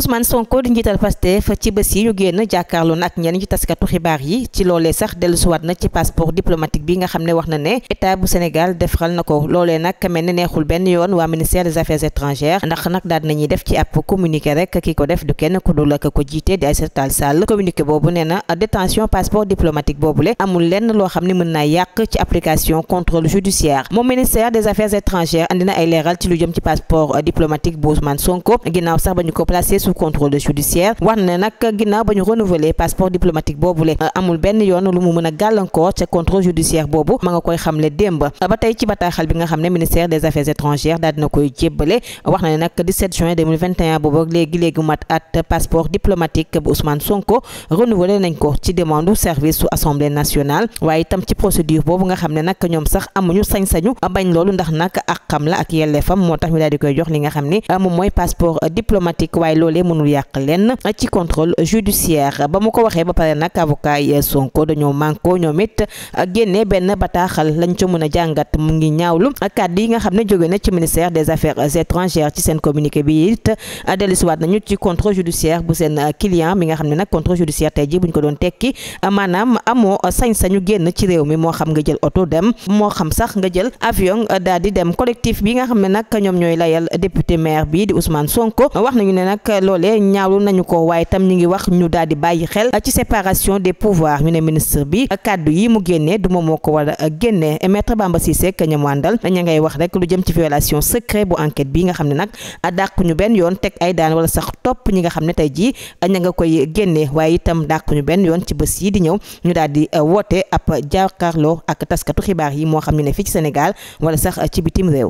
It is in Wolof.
Ousmane Sonko di njiital Pastef ci bés yi ñu génn jàkkaarloo na ak ci taskatu xibaar yi ci loolee sax dellusiwaat na ci passeport diplomatique bi nga xam ne wax na ne état bu Sénégal defaral na ko loolee nag mel ne neexul benn yoon waa ministère des affaires étrangères ndax nag daal nañuy def ci ab communiqué rek ki ko def du kenn ku dul ko jiite di Aïssata Tall Sall communiqué boobu nee na passeport diplomatique boobule amul lenn sous judiciaire wax na ne nag ginnaaw ba ñu passeport diplomatique boobule amul benn yoon lu mu mën a gàllankoor ca contrôle judiciaire boobu ma nga koy xamle démb ba tey ci bataaxal bi nga xam ne ministère des affaires étrangères daal dina koy jébbale wax na ne nag 17 juin boobu léegi léegi mat at passeport diplomatique bu Ousmane Sonko renouvelé nañ ko ci demande service assemblée nationale waaye itam ci procédure boobu loolee mënul yàq leen ci contrôle judiciaire ba mu ko waxee ba pare nag avocat yi Sonko dañoo manko ñoom it génne benn bataaxal lañ ca mën a jàngat mu ngi ñaawlu kàddu yi nga xam ne jóge na ci ministère des affaires étrangères ci seen communiqué bi it dellusiwaat nañu ci contrôle judiciaire bu seen client bi nga xam ne nag contrôle judiciaire tey ji buñ ko doon tekki maanaam amoo sañ-sañu génn ci réew mi moo xam nga jël oto dem moo xam sax nga jël avion daal di dem collectif bi nga xam ne nag ñoom ñooy layal loole ñaawlu nañu ko waaye tam ñu ngi wax ñu daal di bàyyi xel ci séparation des pouvoir ñu ne ministre bi kàddu yi mu génnee du moom moo ko war a génnee maître si Cissé ka ñam wàndal ña ngay wax rek lu jëm ci violation secret bu enquête bi nga xam ne nag dàq ñu benn yoon teg ay daan wala sax topp ñi nga xam ne tey jii ña nga koy génnee waaye itam dàq ñu benn yoon ci bés yi di ñëw ñu daal di woote ab jàkkaarloo ak taskatu xibaar yi moo xam ne fii ci Sénégal wala sax ci bitim réew